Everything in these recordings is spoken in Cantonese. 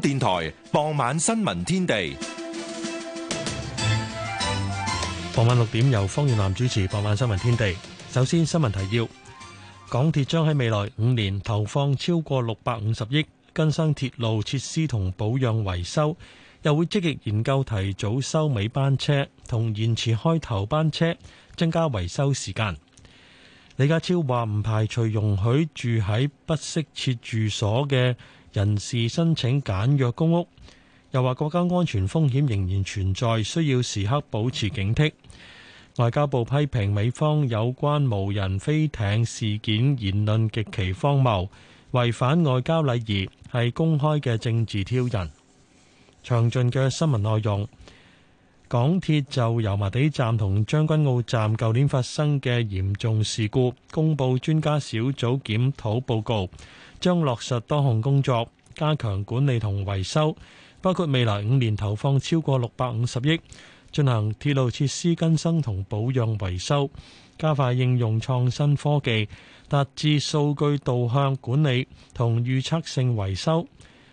電台傍晚新聞天地，傍晚六點由方遠南主持。傍晚新聞天地，首先新聞提要：港鐵將喺未來五年投放超過六百五十億，更新鐵路設施同保養維修，又會積極研究提早收尾班車同延遲開頭班車，增加維修時間。李家超話唔排除容許住喺不適切住所嘅。人士申請簡約公屋，又話國家安全風險仍然存在，需要時刻保持警惕。外交部批評美方有關無人飛艇事件言論極其荒謬，違反外交禮儀，係公開嘅政治挑釁。詳盡嘅新聞內容。港鐵就油麻地站同將軍澳站舊年發生嘅嚴重事故，公布專家小組檢討報告。將落實多項工作，加強管理同維修，包括未來五年投放超過六百五十億，進行鐵路設施更新同保養維修，加快應用創新科技，達至數據導向管理同預測性維修。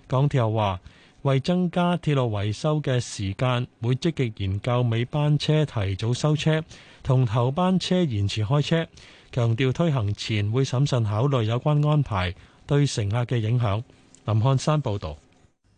港鐵又話，為增加鐵路維修嘅時間，會積極研究尾班車提早收車同頭班車延遲開車，強調推行前會審慎考慮有關安排對乘客嘅影響。林漢山報道，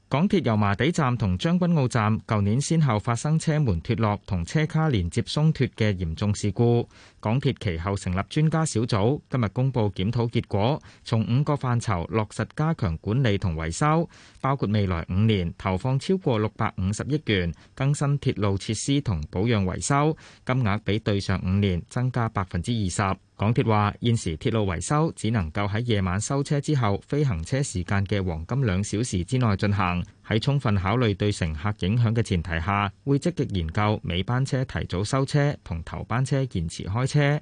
港鐵油麻地站同將軍澳站，舊年先後發生車門脫落同車卡連接鬆脫嘅嚴重事故。港鐵其後成立專家小組，今日公布檢討結果，從五個範疇落實加強管理同維修，包括未來五年投放超過六百五十億元更新鐵路設施同保養維修，金額比對上五年增加百分之二十。港鐵話，現時鐵路維修只能夠喺夜晚收車之後，非行車時間嘅黃金兩小時之內進行。喺充分考慮對乘客影響嘅前提下，會積極研究尾班車提早收車同頭班車延遲開車。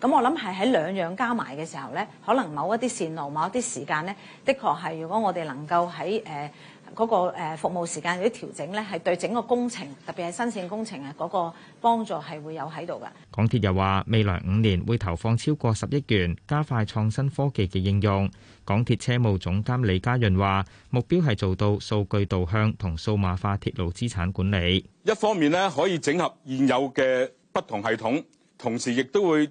咁我諗係喺兩樣加埋嘅時候呢，可能某一啲線路、某一啲時間呢，的確係如果我哋能夠喺誒嗰個誒服務時間有啲調整呢，係對整個工程，特別係新線工程啊嗰個幫助係會有喺度噶。港鐵又話未來五年會投放超過十億元，加快創新科技嘅應用。港鐵車務總監李家潤話：目標係做到數據導向同數碼化鐵路資產管理。一方面呢可以整合現有嘅不同系統，同時亦都會。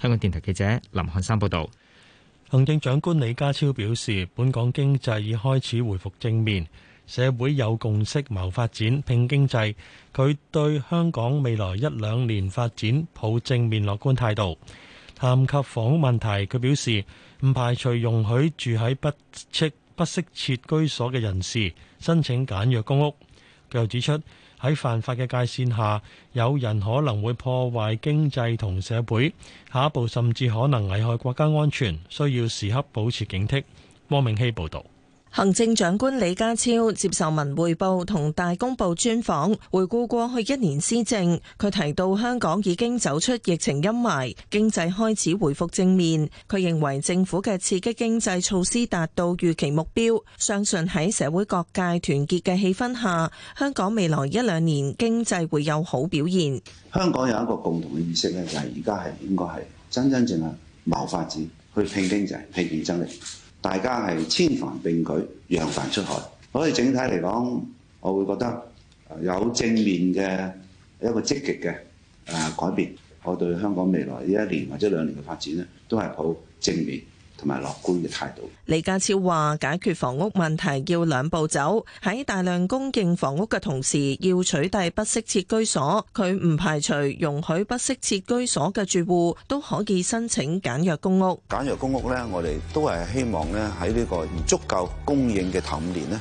香港電台記者林漢山報道，行政長官李家超表示，本港經濟已開始回復正面，社會有共識謀發展、拼經濟。佢對香港未來一兩年發展抱正面樂觀態度。談及房屋問題，佢表示唔排除容許住喺不適切居所嘅人士申請簡約公屋。佢又指出。喺犯法嘅界線下，有人可能會破壞經濟同社會，下一步甚至可能危害國家安全，需要時刻保持警惕。汪明希報導。行政長官李家超接受文匯報同大公報專訪，回顧過去一年施政。佢提到香港已經走出疫情陰霾，經濟開始回復正面。佢認為政府嘅刺激經濟措施達到預期目標，相信喺社會各界團結嘅氣氛下，香港未來一兩年經濟會有好表現。香港有一個共同嘅意識呢，就係而家係應該係真真正正謀發展，去拼經濟，拼競爭力。大家係千帆並舉，揚帆出海。所以整體嚟講，我會覺得有正面嘅一個積極嘅誒改變。我對香港未來呢一年或者兩年嘅發展咧，都係好正面。同埋樂觀嘅態度。李家超話，解決房屋問題要兩步走，喺大量供應房屋嘅同時，要取締不適切居所。佢唔排除容許不適切居所嘅住戶都可以申請簡約公屋。簡約公屋咧，我哋都係希望咧喺呢個唔足夠供應嘅頭五年咧，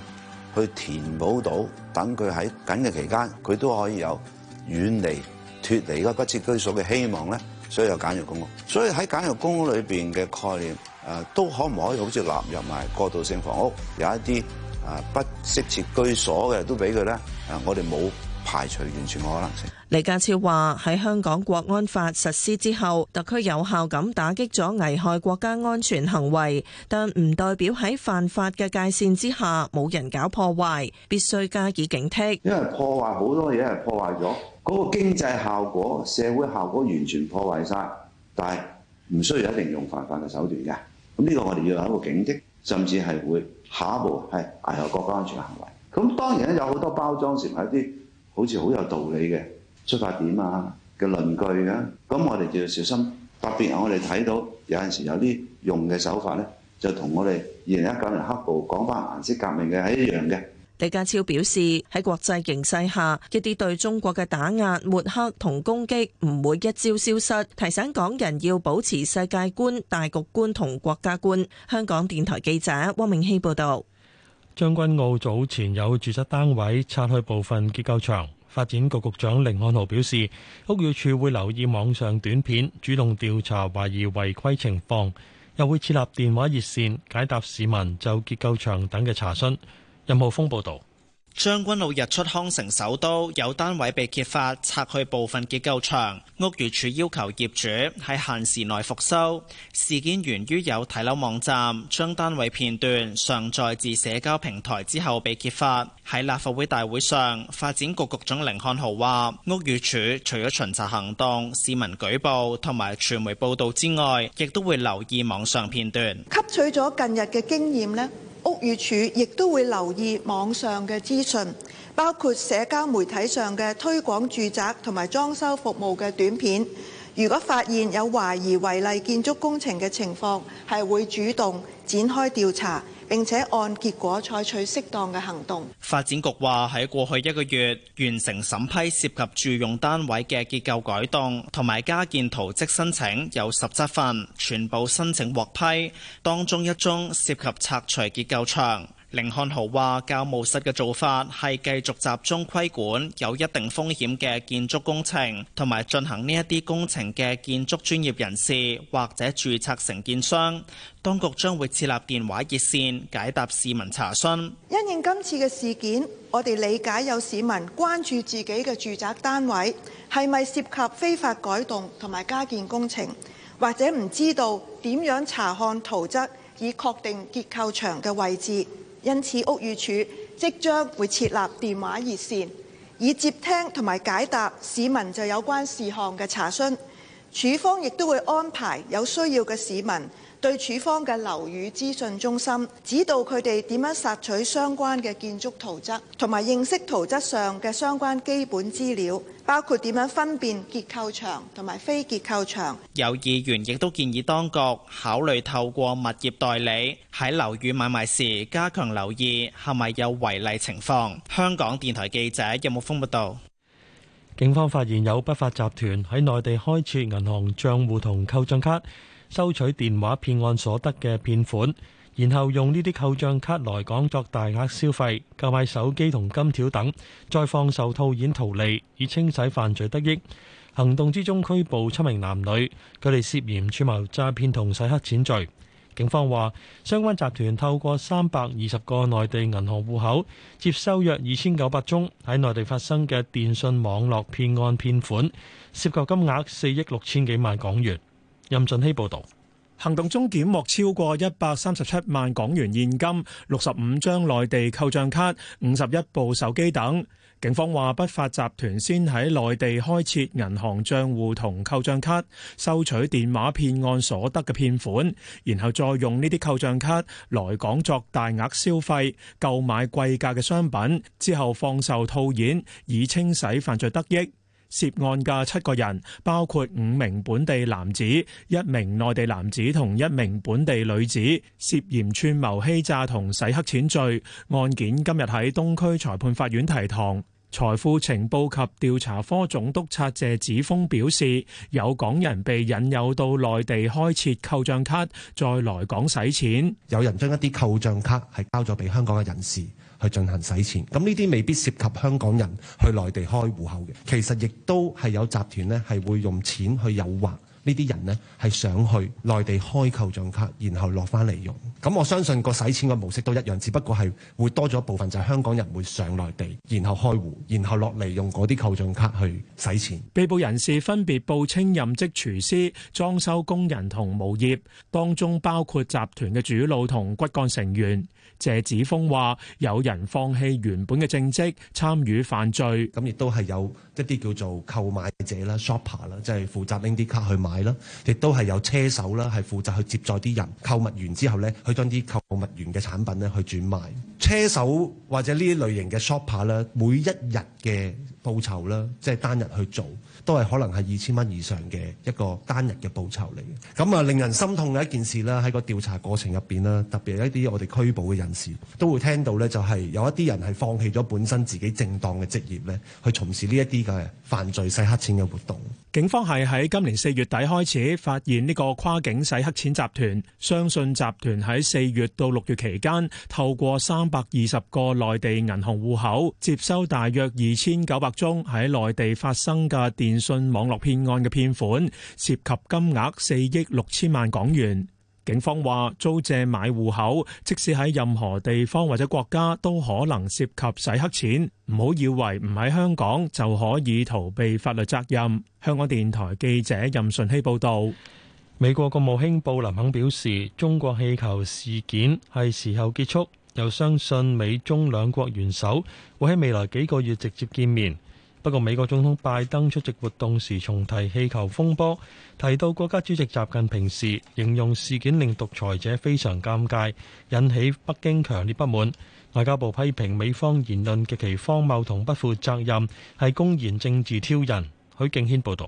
去填補到，等佢喺緊嘅期間，佢都可以有遠離脫離嗰不適居所嘅希望咧。所以有簡約公屋。所以喺簡約公屋裏邊嘅概念。誒都可唔可以好似納入埋過渡性房屋，有一啲誒不適切居所嘅都俾佢咧。誒，我哋冇排除完全嘅可能性。李家超話：喺香港國安法實施之後，特區有效咁打擊咗危害國家安全行為，但唔代表喺犯法嘅界線之下冇人搞破壞，必須加以警惕。因為破壞好多嘢係破壞咗，嗰個經濟效果、社會效果完全破壞晒，但係唔需要一定用犯法嘅手段嘅。咁呢個我哋要有一個警惕，甚至係會下一步係危害國家安全行為。咁當然有好多包裝，成為一啲好似好有道理嘅出發點啊嘅論據㗎、啊。咁我哋就要小心，特別我哋睇到有陣時有啲用嘅手法呢，就同我哋二零一九年黑暴講返顏色革命嘅係一樣嘅。李家超表示，喺國際形勢下，一啲對中國嘅打壓抹黑、同攻擊唔會一朝消失，提醒港人要保持世界觀大局觀同國家觀。香港電台記者汪明希報道。將軍澳早前有住宅單位拆去部分結構牆。發展局局長甯漢豪表示，屋宇署會留意網上短片，主動調查懷疑違規情況，又會設立電話熱線解答市民就結構牆等嘅查詢。任浩峰報道：將軍澳日出康城首都有單位被揭發拆去部分結構牆，屋宇署要求業主喺限期內復修。事件源於有睇樓網站將單位片段上載至社交平台之後被揭發。喺立法會大會上，發展局局長甯漢豪話：屋宇署除咗巡查行動、市民舉報同埋傳媒報道之外，亦都會留意網上片段。吸取咗近日嘅經驗呢。屋宇署亦都會留意網上嘅資訊，包括社交媒體上嘅推廣住宅同埋裝修服務嘅短片。如果發現有懷疑違例建築工程嘅情況，係會主動展開調查。並且按結果採取適當嘅行動。發展局話喺過去一個月完成審批涉及住用單位嘅結構改動同埋加建圖則申請有十七份，全部申請獲批，當中一宗涉及拆除結構牆。凌漢豪話教務室嘅做法係繼續集中規管有一定風險嘅建築工程，同埋進行呢一啲工程嘅建築專業人士或者註冊承建商。當局將會設立電話熱線，解答市民查詢。因應今次嘅事件，我哋理解有市民關注自己嘅住宅單位，係咪涉及非法改動同埋加建工程，或者唔知道點樣查看圖則以確定結構牆嘅位置。因此，屋宇署即將會設立電話熱線，以接聽同埋解答市民就有關事項嘅查詢。署方亦都會安排有需要嘅市民。對處方嘅樓宇資訊中心指導佢哋點樣索取相關嘅建築圖則，同埋認識圖則上嘅相關基本資料，包括點樣分辨結構牆同埋非結構牆。有議員亦都建議當局考慮透過物業代理喺樓宇買賣時加強留意係咪有違例情況。香港電台記者任木峰報道。警方發現有不法集團喺內地開設銀行帳戶同購進卡。收取電話騙案所得嘅騙款，然後用呢啲扣賬卡來港作大額消費、購買手機同金條等，再放售套現圖利，以清洗犯罪得益。行動之中拘捕七名男女，佢哋涉嫌串謀詐騙同洗黑錢罪。警方話，相關集團透過三百二十個內地銀行戶口，接收約二千九百宗喺內地發生嘅電訊網絡騙案騙款，涉及金額四億六千幾萬港元。任俊熙報道，行動中檢獲超過一百三十七萬港元現金、六十五張內地扣賬卡、五十一部手機等。警方話，不法集團先喺內地開設銀行賬戶同扣賬卡，收取電話騙案所得嘅騙款，然後再用呢啲扣賬卡來港作大額消費、購買貴價嘅商品，之後放售套現，以清洗犯罪得益。涉案嘅七個人，包括五名本地男子、一名內地男子同一名本地女子，涉嫌串謀欺詐同洗黑錢罪。案件今日喺東區裁判法院提堂。財富情報及調查科總督察謝子峰表示，有港人被引誘到內地開設扣賬卡，再來港洗錢。有人將一啲扣賬卡係交咗俾香港嘅人士，去進行洗錢，咁呢啲未必涉及香港人去內地開戶口嘅。其實亦都係有集團呢，係會用錢去誘惑。呢啲人呢，係上去內地開扣賬卡，然後落翻嚟用。咁我相信個使錢嘅模式都一樣，只不過係會多咗一部分就係香港人會上內地，然後開戶，然後落嚟用嗰啲扣賬卡去使錢。被捕人士分別報稱任職廚師、裝修工人同無業，當中包括集團嘅主腦同骨幹成員。謝子峰話有人放棄原本嘅正職參與犯罪，咁亦都係有一啲叫做購買者啦、shopper 啦，即係負責拎啲卡去買。係亦都係有車手啦，係負責去接載啲人，購物完之後咧，去將啲購物完嘅產品咧去轉賣。車手或者呢啲類型嘅 shopper 咧，每一日嘅報酬啦，即係單日去做。都係可能係二千蚊以上嘅一個單日嘅報酬嚟嘅。咁啊令人心痛嘅一件事啦，喺個調查過程入邊啦，特別係一啲我哋拘捕嘅人士都會聽到咧，就係有一啲人係放棄咗本身自己正當嘅職業咧，去從事呢一啲嘅犯罪洗黑錢嘅活動。警方係喺今年四月底開始發現呢個跨境洗黑錢集團，相信集團喺四月到六月期間，透過三百二十個內地銀行戶口接收大約二千九百宗喺內地發生嘅電。電信網絡騙案嘅騙款涉及金額四億六千萬港元。警方話租借買戶口，即使喺任何地方或者國家都可能涉及洗黑錢。唔好以為唔喺香港就可以逃避法律責任。香港電台記者任順希報道。美國國務卿布林肯表示，中國氣球事件係時候結束，又相信美中兩國元首會喺未來幾個月直接見面。不過，美國總統拜登出席活動時重提氣球風波，提到國家主席習近平時形容事件令獨裁者非常尷尬，引起北京強烈不滿。外交部批評美方言論極其荒謬同不負責任，係公然政治挑釁。許敬軒報導。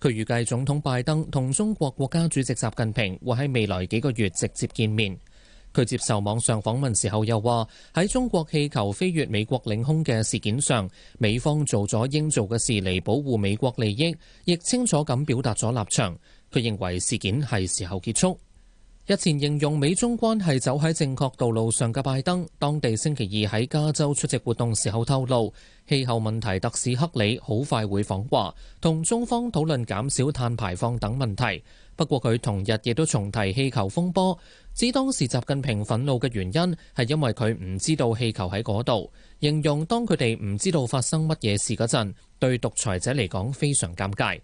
佢預計總統拜登同中國國家主席習近平會喺未來幾個月直接見面。佢接受網上訪問時候又話：喺中國氣球飛越美國領空嘅事件上，美方做咗應做嘅事嚟保護美國利益，亦清楚咁表達咗立場。佢認為事件係時候結束。日前形容美中關係走喺正確道路上嘅拜登，當地星期二喺加州出席活動時候透露，氣候問題特使克里好快會訪華，同中方討論減少碳排放等問題。不過佢同日亦都重提氣球風波，指當時習近平憤怒嘅原因係因為佢唔知道氣球喺嗰度，形容當佢哋唔知道發生乜嘢事嗰陣，對獨裁者嚟講非常尷尬。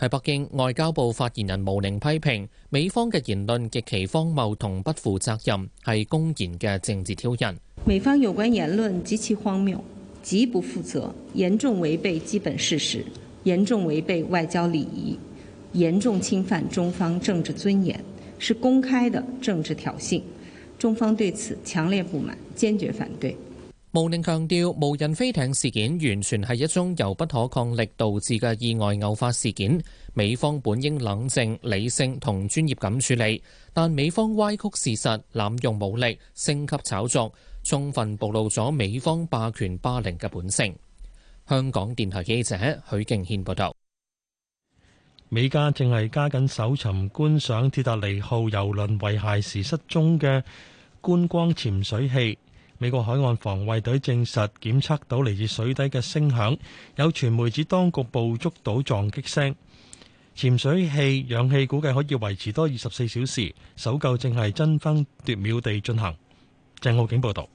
喺北京外交部發言人毛寧批評美方嘅言論極其荒謬，同不負責任，係公然嘅政治挑釁。美方有關言論極其荒謬，極不負責，嚴重違背基本事實，嚴重違背外交禮儀，嚴重侵犯中方政治尊嚴，是公開的政治挑釁。中方對此強烈不滿，堅決反對。毛寧強調，無人飛艇事件完全係一宗由不可抗力導致嘅意外偶發事件，美方本應冷靜、理性同專業咁處理，但美方歪曲事實、濫用武力、升級炒作，充分暴露咗美方霸權霸凌嘅本性。香港電台記者許敬軒報道。美加正係加緊搜尋觀賞鐵達尼號郵輪遺骸時失蹤嘅觀光潛水器。美國海岸防衛隊證實檢測到嚟自水底嘅聲響，有傳媒指當局捕捉到撞擊聲。潛水器氧氣估計可以維持多二十四小時，搜救正係爭分奪秒地進行。鄭浩景報道。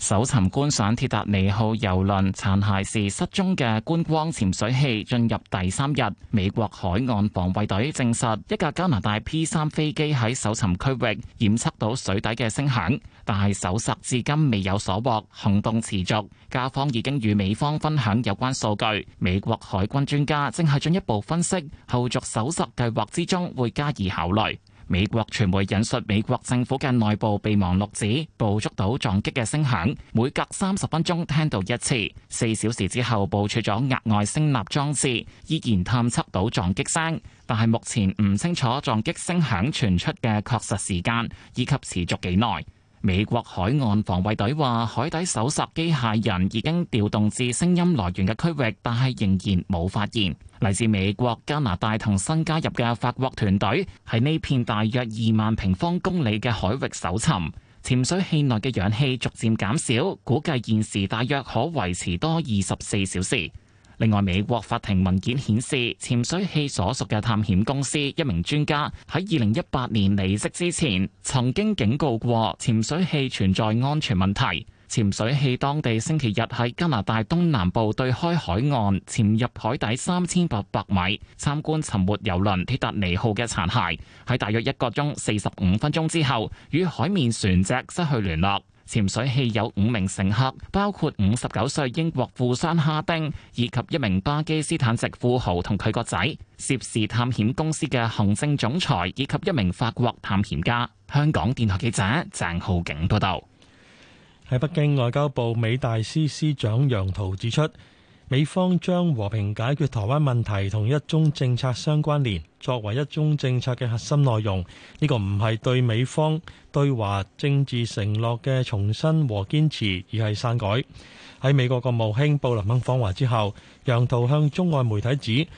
搜尋觀賞鐵達尼號郵輪殘骸時失蹤嘅觀光潛水器進入第三日，美國海岸防衛隊證實一架加拿大 P 三飛機喺搜尋區域檢測到水底嘅聲響，但係搜索至今未有所獲，行動持續。加方已經與美方分享有關數據，美國海軍專家正喺進一步分析，後續搜尋計劃之中會加以考慮。美國傳媒引述美國政府嘅內部備忘錄指，捕捉到撞擊嘅聲響，每隔三十分鐘聽到一次。四小時之後，部署咗額外聲納裝置，依然探測到撞擊聲，但係目前唔清楚撞擊聲響傳出嘅確實時間以及持續幾耐。美國海岸防衛隊話，海底搜索機械人已經調動至聲音來源嘅區域，但係仍然冇發現。嚟自美國、加拿大同新加入嘅法國團隊喺呢片大約二萬平方公里嘅海域搜尋，潛水器內嘅氧氣逐漸減少，估計現時大約可維持多二十四小時。另外，美國法庭文件顯示，潛水器所屬嘅探險公司一名專家喺2018年離職之前，曾經警告過潛水器存在安全問題。潛水器當地星期日喺加拿大東南部對開海岸潛入海底三千八百米，參觀沉沒郵輪鐵達尼號嘅殘骸。喺大約一個鐘四十五分鐘之後，與海面船隻失去聯絡。潛水器有五名乘客，包括五十九歲英國富商哈丁以及一名巴基斯坦籍富豪同佢個仔，涉事探險公司嘅行政總裁以及一名法國探險家。香港電台記者鄭浩景報道。喺北京，外交部美大司司長楊濤指出。美方將和平解決台灣問題同一中政策相關聯，作為一中政策嘅核心內容。呢、這個唔係對美方對華政治承諾嘅重申和堅持，而係刪改。喺美國國務卿布林肯訪華之後，楊濤向中外媒體指，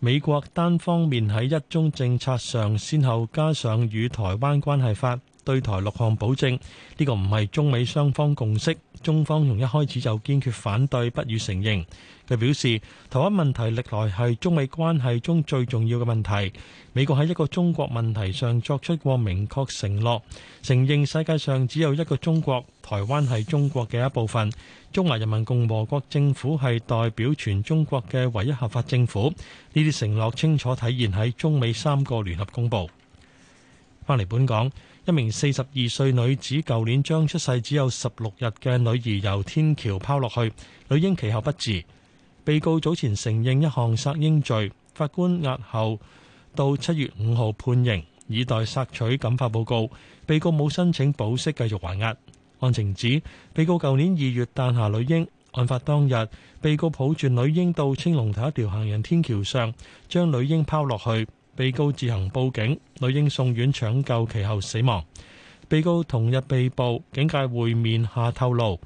美國單方面喺一中政策上，先後加上與台灣關係法對台六項保證。呢、這個唔係中美雙方共識。中方從一開始就堅決反對，不予承認。佢表示，台灣問題歷來係中美關係中最重要嘅問題。美國喺一個中國問題上作出過明確承諾，承認世界上只有一個中國，台灣係中國嘅一部分，中華人民共和國政府係代表全中國嘅唯一合法政府。呢啲承諾清楚體現喺中美三個聯合公報。翻嚟本港，一名四十二歲女子舊年將出世只有十六日嘅女兒由天橋拋落去，女嬰其後不治。被告早前承認一項殺嬰罪，法官押後到七月五號判刑，以待索取感化報告。被告冇申請保釋，繼續還押。案情指，被告舊年二月誕下女嬰，案發當日，被告抱住女嬰到青龍頭一條行人天橋上，將女嬰拋落去。被告自行報警，女嬰送院搶救，其後死亡。被告同日被捕，警誡會面下透露，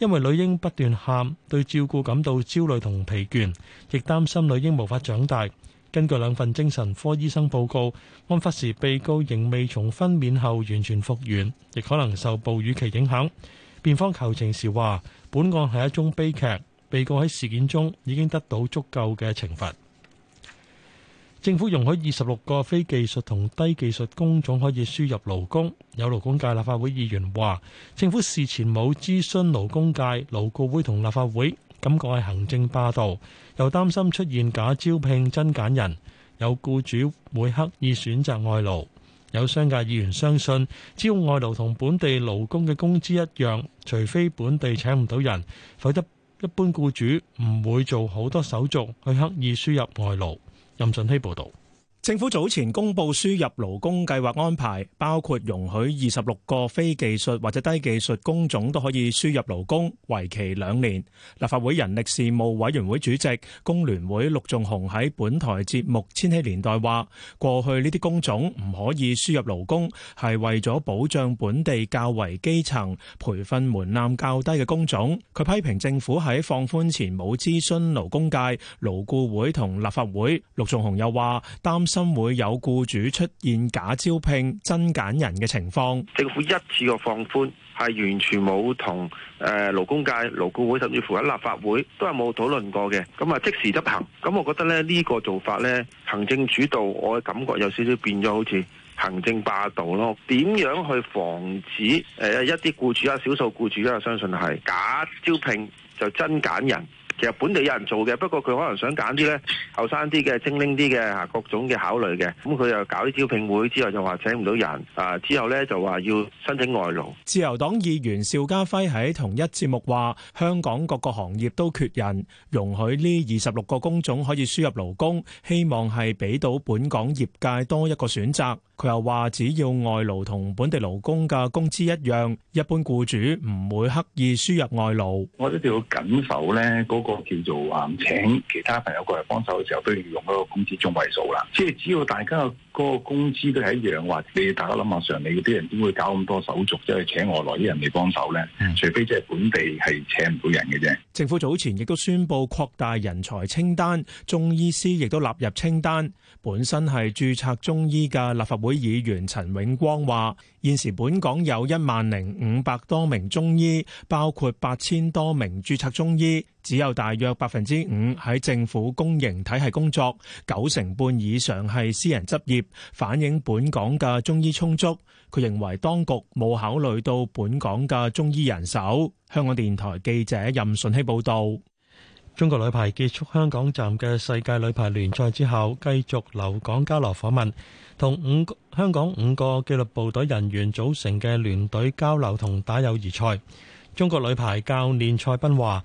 因為女嬰不斷喊，對照顧感到焦慮同疲倦，亦擔心女嬰無法長大。根據兩份精神科醫生報告，案發時被告仍未從分娩後完全復原，亦可能受哺乳期影響。辯方求情時話：本案係一宗悲劇，被告喺事件中已經得到足夠嘅懲罰。政府容許二十六個非技術同低技術工種可以輸入勞工，有勞工界立法會議員話：政府事前冇諮詢勞工界，勞雇會同立法會，感覺係行政霸道。又擔心出現假招聘真揀人，有僱主會刻意選擇外勞。有商界議員相信，只要外勞同本地勞工嘅工資一樣，除非本地請唔到人，否則一般僱主唔會做好多手續去刻意輸入外勞。任俊熙報道。政府早前公布輸入勞工計劃安排，包括容許二十六個非技術或者低技術工種都可以輸入勞工，為期兩年。立法會人力事務委員會主席工聯會陸仲雄喺本台節目《千禧年代》話：過去呢啲工種唔可以輸入勞工，係為咗保障本地較為基層、培訓門檻較低嘅工種。佢批評政府喺放寬前冇諮詢勞工界、勞顧會同立法會。陸仲雄又話擔心，會有僱主出現假招聘、真揀人嘅情況。政府一次個放寬係完全冇同誒勞工界、勞僱會甚至乎喺立法會都係冇討論過嘅。咁啊即時執行，咁我覺得咧呢個做法咧，行政主導，我感覺有少少變咗，好似行政霸道咯。點樣去防止誒一啲僱主啊，少數僱主啊，我相信係假招聘就真揀人？其實本地有人做嘅，不過佢可能想揀啲呢後生啲嘅、精靈啲嘅、各種嘅考慮嘅。咁佢又搞啲招聘會，之後就話請唔到人啊。之後呢就話要申請外勞。自由黨議員邵家輝喺同一節目話：香港各個行業都缺人，容許呢二十六個工種可以輸入勞工，希望係俾到本港業界多一個選擇。佢又話：只要外勞同本地勞工嘅工資一樣，一般僱主唔會刻意輸入外勞。我一定要緊守呢嗰。個叫做啊，請其他朋友過嚟幫手嘅時候，都要用嗰個工資中位數啦。即係只要大家個個工資都係一樣，或者大家諗下，常理嗰啲人點會搞咁多手續即係請外來啲人嚟幫手呢？除非即係本地係請唔到人嘅啫。嗯、政府早前亦都宣布擴大人才清單，中醫師亦都納入清單。本身係註冊中醫嘅立法會議員陳永光話：現時本港有一萬零五百多名中醫，包括八千多名註冊中醫，只有大約百分之五喺政府公營體系工作，九成半以上係私人執業，反映本港嘅中醫充足。佢認為當局冇考慮到本港嘅中醫人手。香港電台記者任順希報導。中國女排結束香港站嘅世界女排聯賽之後，繼續留港交流訪問，同五個香港五個紀律部隊人員組成嘅聯隊交流同打友誼賽。中國女排教練蔡斌話。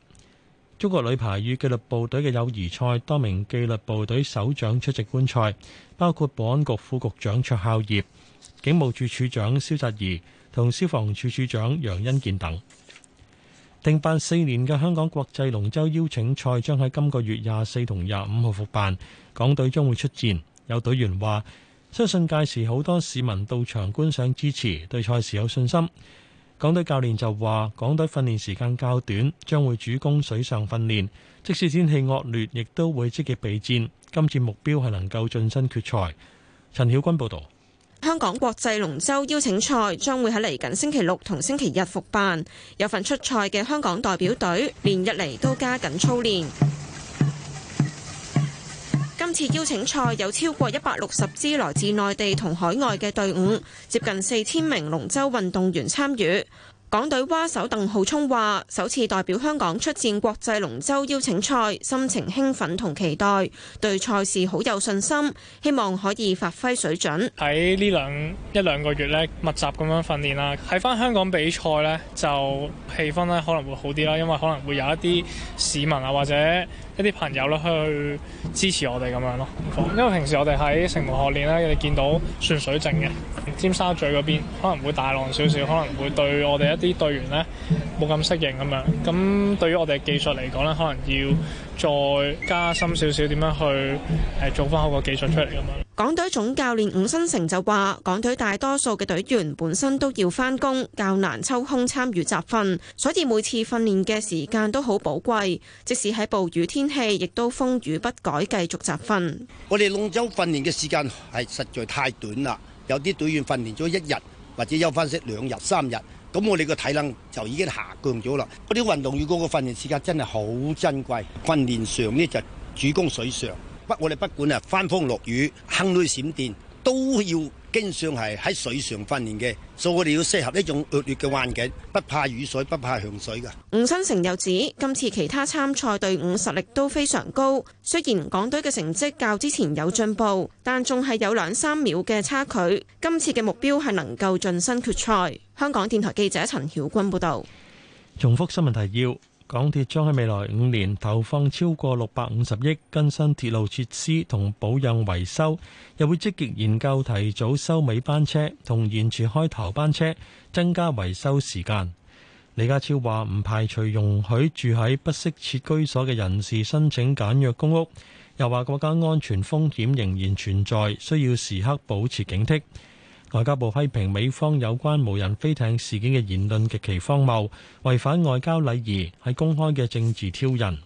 中國女排與紀律部隊嘅友誼賽，多名紀律部隊首長出席觀賽，包括保安局副局長卓孝業、警務處處長蕭澤頤同消防處處長楊恩健等。停辦四年嘅香港國際龍舟邀請賽將喺今個月廿四同廿五號復辦，港隊將會出戰。有隊員話：相信屆時好多市民到場觀賞支持，對賽事有信心。港隊教練就話：港隊訓練時間較短，將會主攻水上訓練，即使天氣惡劣，亦都會積極備戰，今次目標係能夠晉身決賽。陳曉君報道：香港國際龍舟邀請賽將會喺嚟緊星期六同星期日復辦，有份出賽嘅香港代表隊連日嚟都加緊操練。今次邀請賽有超過一百六十支來自內地同海外嘅隊伍，接近四千名龍舟運動員參與。港隊蛙手鄧浩聰話：首次代表香港出戰國際龍舟邀請賽，心情興奮同期待，對賽事好有信心，希望可以發揮水準。喺呢兩一兩個月呢，密集咁樣訓練啦，喺返香港比賽呢，就氣氛呢可能會好啲啦，因為可能會有一啲市民啊或者，一啲朋友咧去支持我哋咁樣咯，因為平時我哋喺城門學練咧，你見到算水靜嘅尖沙咀嗰邊可能會大浪少少，可能會對我哋一啲隊員咧冇咁適應咁樣，咁對於我哋技術嚟講咧，可能要。再加深少少，點樣去做翻好個技術出嚟咁。港隊總教練伍新成就話，港隊大多數嘅隊員本身都要翻工，較難抽空參與集訓，所以每次訓練嘅時間都好寶貴，即使喺暴雨天氣亦都風雨不改，繼續集訓。我哋龍舟訓練嘅時間係實在太短啦，有啲隊員訓練咗一日，或者休翻息兩日、三日。咁我哋個體能就已經下降咗啦，嗰啲運動員嗰個訓練時間真係好珍貴，訓練上呢，就主攻水上，我哋不管啊，翻風落雨、行雷閃電都要。經常係喺水上訓練嘅，所以我哋要適合呢種惡劣嘅環境，不怕雨水，不怕洪水嘅。吳新成又指，今次其他參賽隊伍實力都非常高，雖然港隊嘅成績較之前有進步，但仲係有兩三秒嘅差距。今次嘅目標係能夠晉身決賽。香港電台記者陳曉君報導。重複新聞提要。港鐵將喺未來五年投放超過六百五十億更新鐵路設施同保養維修，又會積極研究提早收尾班車同延遲開頭班車，增加維修時間。李家超話唔排除容許住喺不適切居所嘅人士申請簡約公屋，又話國家安全風險仍然存在，需要時刻保持警惕。外交部批評美方有關無人飛艇事件嘅言論極其荒謬，違反外交禮儀，係公開嘅政治挑釁。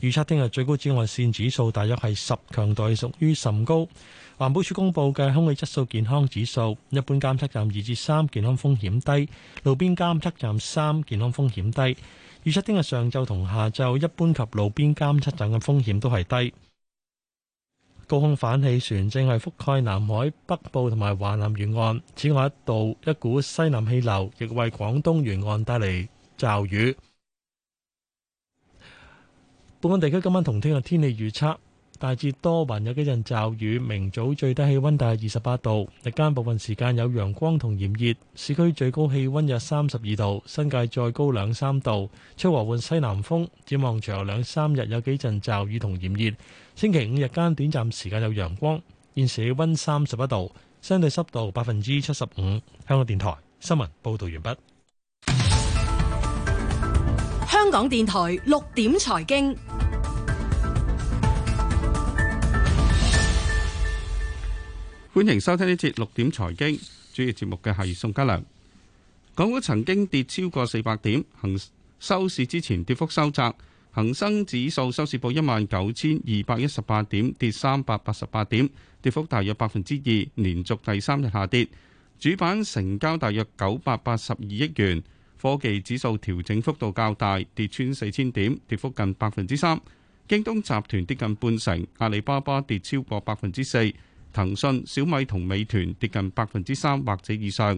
預測聽日最高紫外線指數大約係十，強度屬於甚高。環保署公布嘅空氣質素健康指數，一般監測站二至三，健康風險低；路邊監測站三，健康風險低。預測聽日上晝同下晝一般及路邊監測站嘅風險都係低。高空反氣旋正係覆蓋南海北部同埋華南沿岸，此外一度一股西南氣流亦為廣東沿岸帶嚟驟雨。本港地區今晚同聽日天氣預測大致多雲，有幾陣驟雨。明早最低氣温大約二十八度，日間部分時間有陽光同炎熱。市區最高氣温約三十二度，新界再高兩三度。吹和緩西南風，展望再有兩三日有幾陣驟雨同炎熱。星期五日間短暫時間有陽光，現時氣溫三十一度，相對濕度百分之七十五。香港電台新聞報道完畢。香港電台六點財經，歡迎收聽呢節六點財經，主持節目嘅係宋嘉良。港股曾經跌超過四百點，行收市之前跌幅收窄。恒生指數收市報一萬九千二百一十八點，跌三百八十八點，跌幅大約百分之二，連續第三日下跌。主板成交大約九百八十二億元。科技指數調整幅度較大，跌穿四千點，跌幅近百分之三。京東集團跌近半成，阿里巴巴跌超過百分之四，騰訊、小米同美團跌近百分之三或者以上。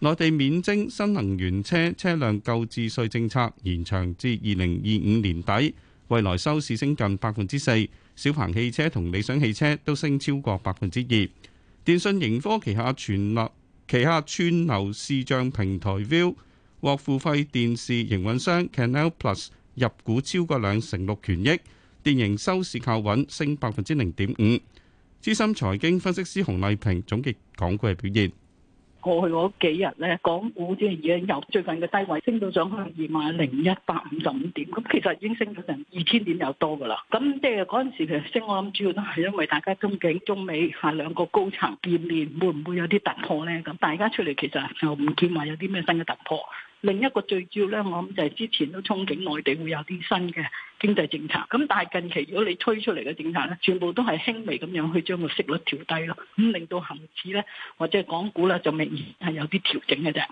內地免徵新能源車車輛購置稅政策延長至二零二五年底，蔚來收市升近百分之四，小鵬汽車同理想汽車都升超過百分之二。電訊盈科旗下傳流旗下串流視像平台 View 獲付費電視營運商 Canal Plus 入股超過兩成六權益，電盈收市靠穩，升百分之零點五。資深財經分析師洪麗萍總結港股嘅表現。過去嗰幾日咧，港股即係已經由最近嘅低位升到上去二萬零一百五十五點，咁其實已經升咗成二千點有多噶啦。咁即係嗰陣時其實升，我諗主要都係因為大家中景中美係兩個高層見面，會唔會有啲突破咧？咁大家出嚟，其實就唔見話有啲咩新嘅突破。另一個最主要咧，我諗就係之前都憧憬內地會有啲新嘅經濟政策，咁但係近期如果你推出嚟嘅政策咧，全部都係輕微咁樣去將個息率調低咯，咁令到恆指咧或者港股咧就明顯係有啲調整嘅啫。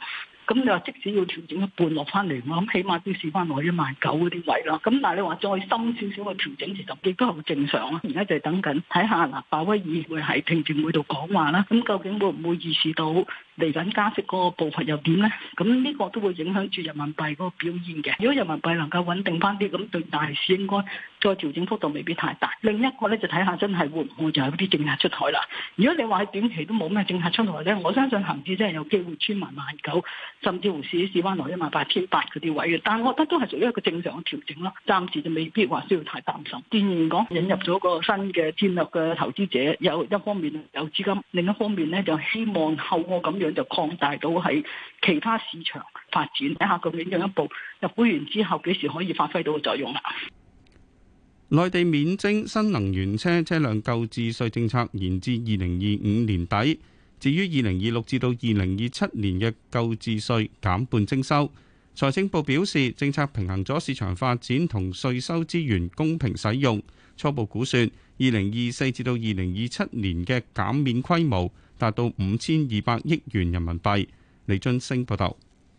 咁你話即使要調整一半落翻嚟，我諗起碼都要試翻來一萬九嗰啲位咯。咁但係你話再深少少嘅調整，其實亦都好正常啊。而家就係等緊睇下嗱，鮑威爾會喺聽證會度講話啦，咁究竟會唔會意識到？嚟緊加息嗰個步伐又點咧？咁呢個都會影響住人民幣嗰個表現嘅。如果人民幣能夠穩定翻啲，咁對大市應該再調整幅度未必太大。另一個咧就睇下真係會唔會就係嗰啲政策出台啦。如果你話喺短期都冇咩政策出台咧，我相信恒指真係有機會穿埋萬九，甚至乎試一試翻落一萬八千八嗰啲位嘅。但我覺得都係屬於一個正常嘅調整咯。暫時就未必話需要太擔心。當然講引入咗個新嘅戰略嘅投資者，有一方面有資金，另一方面咧就希望後我咁樣就擴大到喺其他市場發展，睇下究竟進一步入會員之後幾時可以發揮到作用啦。內地免徵新能源車車輛購置稅政策延至二零二五年底，至於二零二六至到二零二七年嘅購置稅減半徵收，財政部表示政策平衡咗市場發展同稅收資源公平使用，初步估算二零二四至到二零二七年嘅減免規模，達到五千二百億元人民幣。李俊升報道。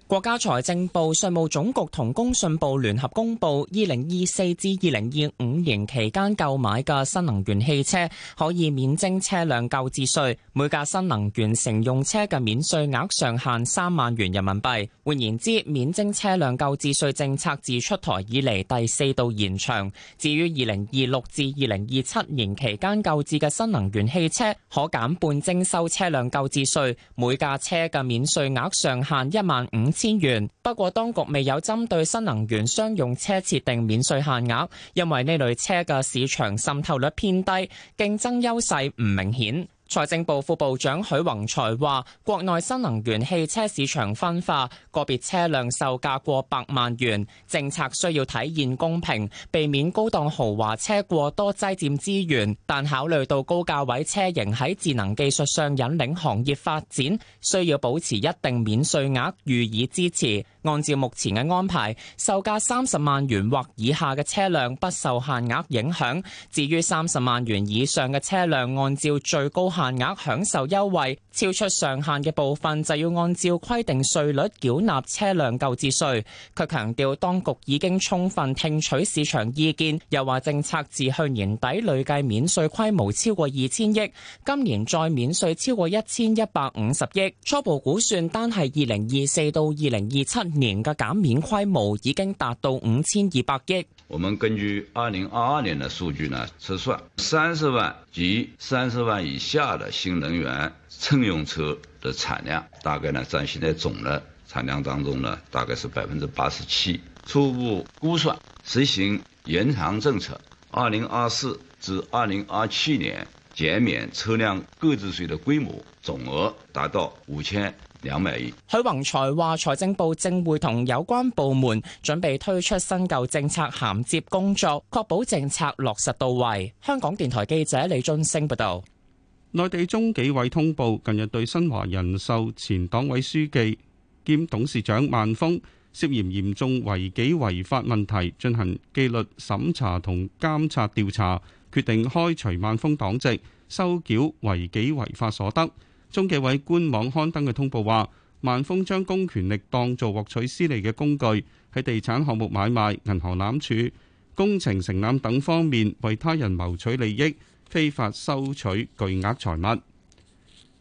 國家財政部、稅務總局同工信部聯合公布，2024至2025年期間購買嘅新能源汽車可以免徵車輛購置稅，每架新能源乘用車嘅免稅額上限三萬元人民幣。換言之，免徵車輛購置稅政策自出台以嚟第四度延長。至於2026至2027年期間購置嘅新能源汽車，可減半徵收車輛購置稅，每架車嘅免稅額上限一萬五。千元。不過當局未有針對新能源商用車設定免稅限額，因為呢類車嘅市場滲透率偏低，競爭優勢唔明顯。財政部副部長許宏才話，國內新能源汽車市場分化，個別車輛售價過百萬元，政策需要體現公平，避免高檔豪華車過多擠占資源。但考慮到高價位車型喺智能技術上引領行業發展，需要保持一定免稅額予以支持。按照目前嘅安排，售價三十萬元或以下嘅車輛不受限額影響；至於三十萬元以上嘅車輛，按照最高限額享受優惠，超出上限嘅部分就要按照規定稅率繳納車輛購置稅。佢強調，當局已經充分聽取市場意見，又話政策自去年底累計免稅規模超過二千億，今年再免稅超過一千一百五十億，初步估算單係二零二四到二零二七年年嘅減免規模已經達到五千二百億。我們根據二零二二年的數據呢測算，三十萬及三十萬以下的新能源乘用車的產量，大概呢占現在總的產量當中呢，大概是百分之八十七。初步估算，實行延長政策，二零二四至二零二七年減免車輛購置稅的規模總額達到五千。有味。許宏才話財政部正會同有關部門準備推出新舊政策銜接工作，確保政策落實到位。香港電台記者李俊升報道。內地中紀委通報，近日對新華人壽前黨委書記兼董事長萬峰涉嫌嚴重違紀違法問題進行紀律審查同監察調查，決定開除萬峰黨籍，收繳違紀違法所得。中紀委官網刊登嘅通報話，萬豐將公權力當做獲取私利嘅工具，喺地產項目買賣、銀行攬儲、工程承攬等方面為他人謀取利益，非法收取巨額財物。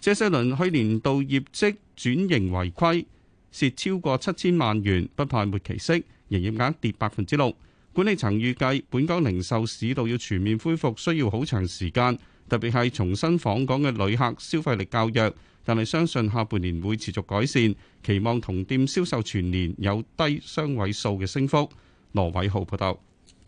謝瑞麟去年度業績轉型違規，蝕超過七千萬元，不派末期息，營業額跌百分之六。管理層預計，本港零售市道要全面恢復需要好長時間。特別係重新訪港嘅旅客消費力較弱，但係相信下半年會持續改善，期望同店銷售全年有低雙位數嘅升幅。羅偉浩報道，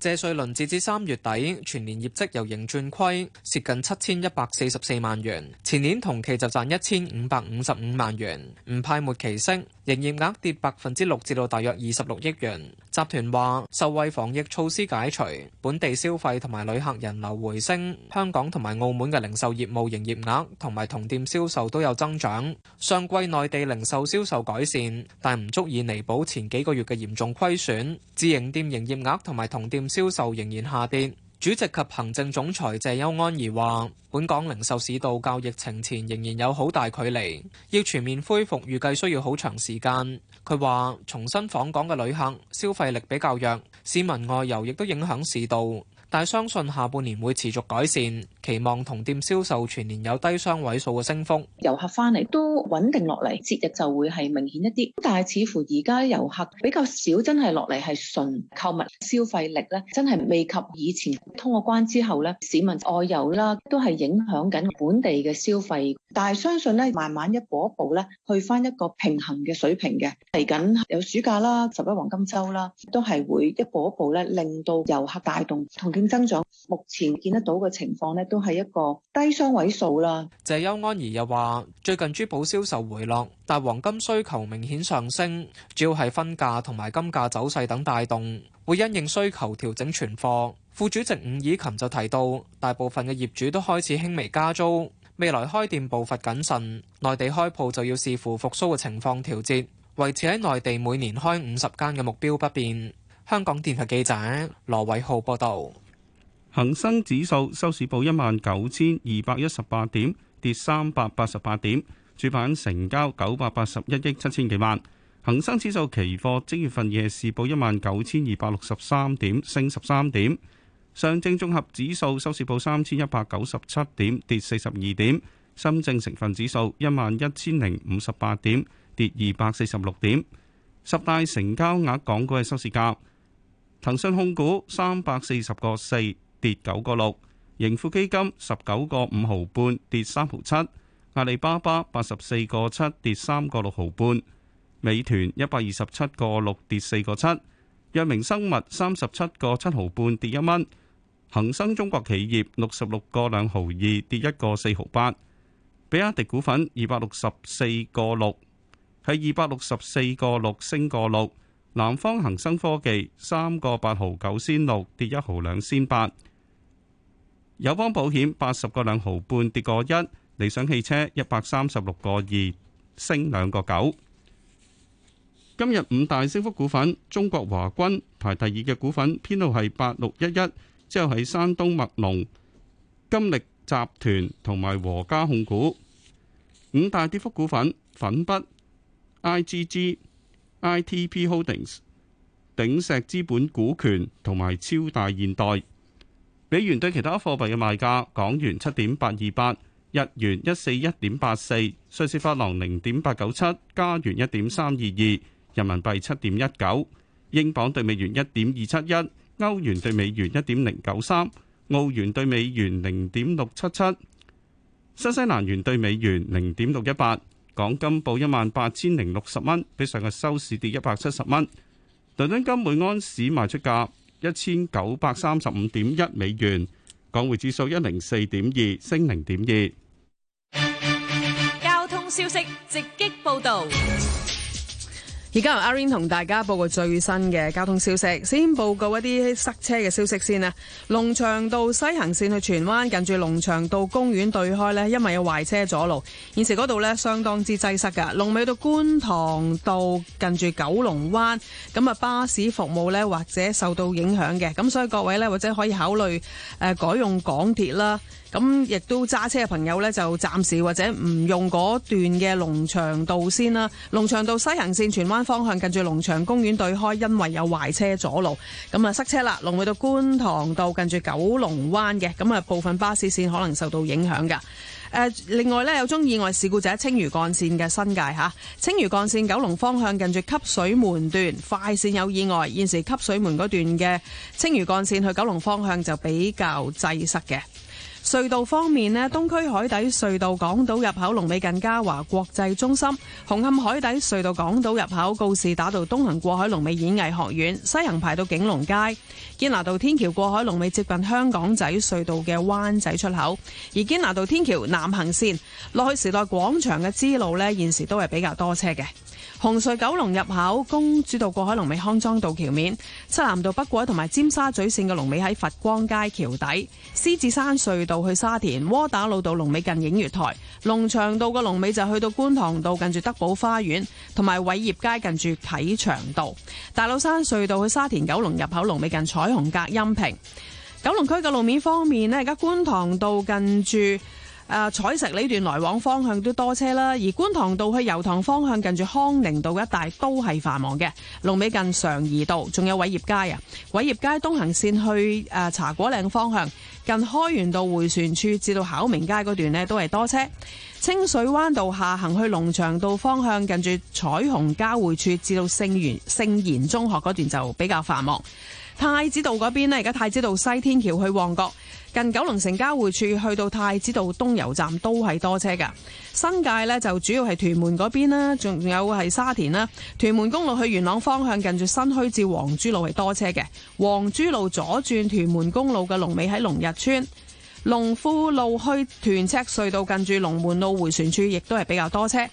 謝瑞麟截至三月底全年業績由盈轉虧，蝕近七千一百四十四萬元，前年同期就賺一千五百五十五萬元，唔派末期息。營業額跌百分之六，至到大約二十六億元。集團話受惠防疫措施解除，本地消費同埋旅客人流回升，香港同埋澳門嘅零售業務營業額同埋同店銷售都有增長。上季內地零售銷售改善，但唔足以彌補前幾個月嘅嚴重虧損。自營店營業額同埋同店銷售仍然下跌。主席及行政總裁謝邱安怡話：本港零售市道較疫情前仍然有好大距離，要全面恢復預計需要好長時間。佢話：重新訪港嘅旅客消費力比較弱，市民外遊亦都影響市道。但係相信下半年會持續改善，期望同店銷售全年有低雙位數嘅升幅。遊客翻嚟都穩定落嚟，節日就會係明顯一啲。但係似乎而家遊客比較少真，真係落嚟係純購物消費力咧，真係未及以前。通過關之後咧，市民外遊啦都係影響緊本地嘅消費。但係相信咧，慢慢一步一步咧，去翻一個平衡嘅水平嘅。嚟緊有暑假啦、十一黃金週啦，都係會一步一步咧，令到遊客帶動同。增長目前見得到嘅情況都係一個低雙位數啦。謝邱安怡又話：最近珠寶銷售回落，但黃金需求明顯上升，主要係分價同埋金價走勢等帶動，會因應需求調整存貨。副主席伍以琴就提到，大部分嘅業主都開始輕微加租，未來開店步伐謹慎。內地開鋪就要視乎復甦嘅情況調節，維持喺內地每年開五十間嘅目標不變。香港電台記者羅偉浩報道。恒生指數收市報一萬九千二百一十八點，跌三百八十八點，主板成交九百八十一億七千幾萬。恒生指數期貨即月份夜市報一萬九千二百六十三點，升十三點。上證綜合指數收市報三千一百九十七點，跌四十二點。深證成分指數一萬一千零五十八點，跌二百四十六點。十大成交額港股嘅收市價，騰訊控股三百四十個四。跌九個六，盈富基金十九個五毫半跌三毫七，阿里巴巴八十四個七跌三個六毫半，美團一百二十七個六跌四個七，藥明生物三十七個七毫半跌一蚊，恒生中國企業六十六個兩毫二跌一個四毫八，比亞迪股份二百六十四個六，係二百六十四個六升個六，南方恒生科技三個八毫九先六跌一毫兩先八。友邦保險八十個兩毫半跌個一，理想汽車一百三十六個二升兩個九。今日五大升幅股份，中國華軍排第二嘅股份，編號係八六一一，之後係山東麥隆、金力集團同埋和家控股。五大跌幅股份，粉筆、IGG、ITP Holdings、鼎石資本股權同埋超大現代。美元對其他貨幣嘅賣價：港元七點八二八，日元一四一點八四，瑞士法郎零點八九七，加元一點三二二，人民幣七點一九，英鎊對美元一點二七一，歐元對美元一點零九三，澳元對美元零點六七七，新西蘭元對美元零點六一八。港金報一萬八千零六十蚊，比上日收市跌一百七十蚊。倫敦金每盎司賣出價，一千九百三十五點一美元，港匯指數一零四點二，升零點二。交通消息直擊報道。而家由阿 rain 同大家報告最新嘅交通消息。先報告一啲塞車嘅消息先啦。龍翔道西行綫去荃灣，近住龍翔道公園對開呢，因為有壞車阻路，現時嗰度呢，相當之擠塞噶。龍尾到觀塘道，近住九龍灣，咁啊巴士服務呢，或者受到影響嘅，咁所以各位呢，或者可以考慮誒改用港鐵啦。咁亦都揸車嘅朋友呢，就暫時或者唔用嗰段嘅農場道先啦。農場道西行線荃灣方向近住農場公園對開，因為有壞車阻路，咁啊塞車啦。龍去到觀塘道近住九龍灣嘅，咁啊部分巴士線可能受到影響噶。誒、呃，另外呢，有宗意外事故，就喺青嶼幹線嘅新界吓。青嶼幹線九龍方向近住汲水門段快線有意外，現時汲水門嗰段嘅青嶼幹線去九龍方向就比較擠塞嘅。隧道方面呢，東區海底隧道港島入口龍尾近嘉華國際中心；紅磡海底隧道港島入口告士打道東行過海龍尾演藝學院；西行排到景隆街；堅拿道天橋過海龍尾接近香港仔隧道嘅灣仔出口；而堅拿道天橋南行線落去時代廣場嘅支路呢，現時都係比較多車嘅。紅隧九龍入口、公主道過海龍尾康莊道橋面、漆咸道北過同埋尖沙咀線嘅龍尾喺佛光街橋底、獅子山隧道去沙田窩打老道龍尾近映月台、龍翔道嘅龍尾就去到觀塘道近住德寶花園同埋偉業街近住啟祥道、大老山隧道去沙田九龍入口龍尾近彩虹隔音屏、九龍區嘅路面方面呢而家觀塘道近住。誒、啊，彩石呢段來往方向都多車啦，而觀塘道去油塘方向近住康寧道一帶都係繁忙嘅。龍尾近常怡道，仲有偉業街啊。偉業街東行綫去誒茶果嶺方向，近開源道迴旋處至到巧明街嗰段呢都係多車。清水灣道下行去龍翔道方向，近住彩虹交匯處至到聖言聖言中學嗰段就比較繁忙。太子道嗰邊呢，而家太子道西天橋去旺角。近九龍城交匯處去到太子道東油站都係多車㗎，新界呢就主要係屯門嗰邊啦，仲有係沙田啦，屯門公路去元朗方向近住新墟至黃珠路係多車嘅，黃珠路左轉屯門公路嘅龍尾喺龍日村，龍富路去屯赤隧道近住龍門路回旋處亦都係比較多車。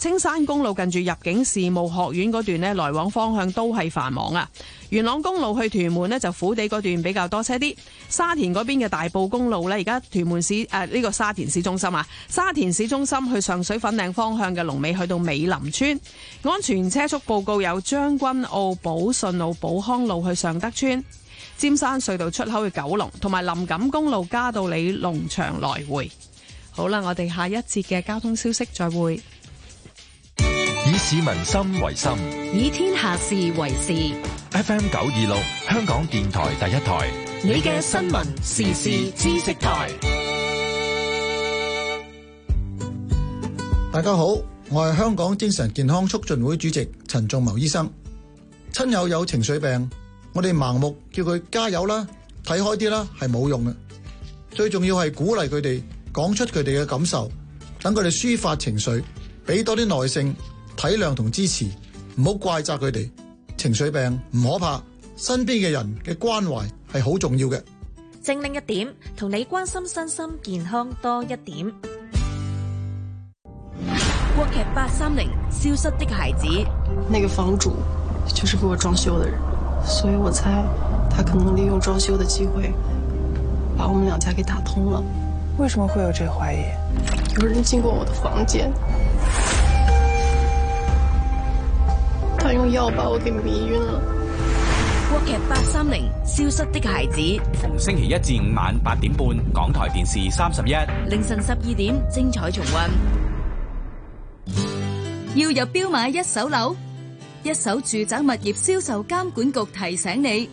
青山公路近住入境事務學院嗰段呢來往方向都係繁忙啊。元朗公路去屯門呢，就虎地嗰段比較多車啲。沙田嗰邊嘅大埔公路呢，而家屯門市誒呢、啊這個沙田市中心啊，沙田市中心去上水粉嶺方向嘅龍尾去到美林村。安全車速報告有將軍澳寶順路寶康路去尚德村，尖山隧道出口去九龍，同埋林錦公路嘉道理農場來回。好啦，我哋下一節嘅交通消息再會。以市民心為心，以天下事為事。FM 九二六，香港電台第一台。你嘅新聞時事知識台。大家好，我係香港精神健康促進會主席陳仲謀醫生。親友有情緒病，我哋盲目叫佢加油啦、睇開啲啦，係冇用嘅。最重要係鼓勵佢哋講出佢哋嘅感受，等佢哋抒發情緒，俾多啲耐性。體諒同支持，唔好怪責佢哋。情緒病唔可怕，身邊嘅人嘅關懷係好重要嘅。精明一點，同你關心身心健康多一點。國劇八三零，消失的孩子。那個房主就是給我裝修的人，所以我猜他可能利用裝修的機會把我們兩家給打通了。為什麼會有這個懷疑？有人進過我的房間。我又把我店滅完啦！國劇《八三零》消失的孩子，逢星期一至五晚八點半，港台電視三十一，凌晨十二點精彩重溫。要入標買一手樓，一手住宅物業銷售監管局提醒你。